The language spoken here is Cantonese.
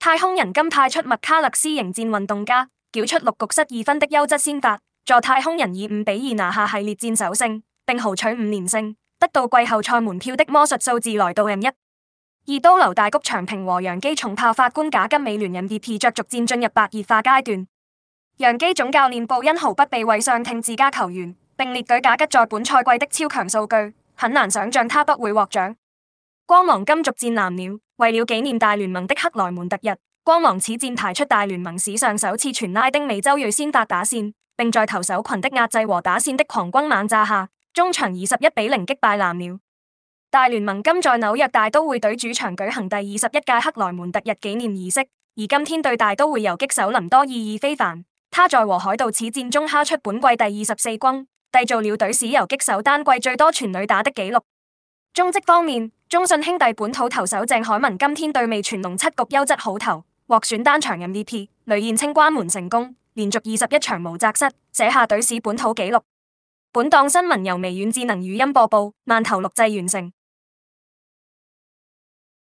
太空人今派出麥卡勒斯迎戰運動家，繳出六局失二分的優質先發，助太空人以五比二拿下系列戰首勝，並豪取五連勝，得到季後賽門票的魔術數字來到 M 一。二刀流大谷翔平和洋基重炮法官賈吉美聯 MVP 之爭逐漸進入白熱化階段，洋基總教練布恩毫不避諱上聽自家球員，並列舉賈吉在本賽季的超強數據，很難想象他不會獲獎。光芒今逐戰藍鳥，為了紀念大聯盟的克萊門特日，光芒此戰排出大聯盟史上首次全拉丁美洲裔先發打線，並在投手群的壓制和打線的狂轟猛炸下，終場二十一比零擊敗藍鳥。大聯盟今在紐約大都會隊主場舉行第二十一屆克萊門特日紀念儀式，而今天對大都會游擊手林多意義非凡，他在和海盜此戰中敲出本季第二十四轟，締造了隊史游擊手單季最多全壘打的紀錄。中職方面。中信兄弟本土投手鄭凱文今天對味全龍七局優質好投，獲選單場 MVP。雷彥青關門成功，連續二十一場無責失，寫下隊史本土紀錄。本檔新聞由微軟智能語音播報，慢投錄製完成。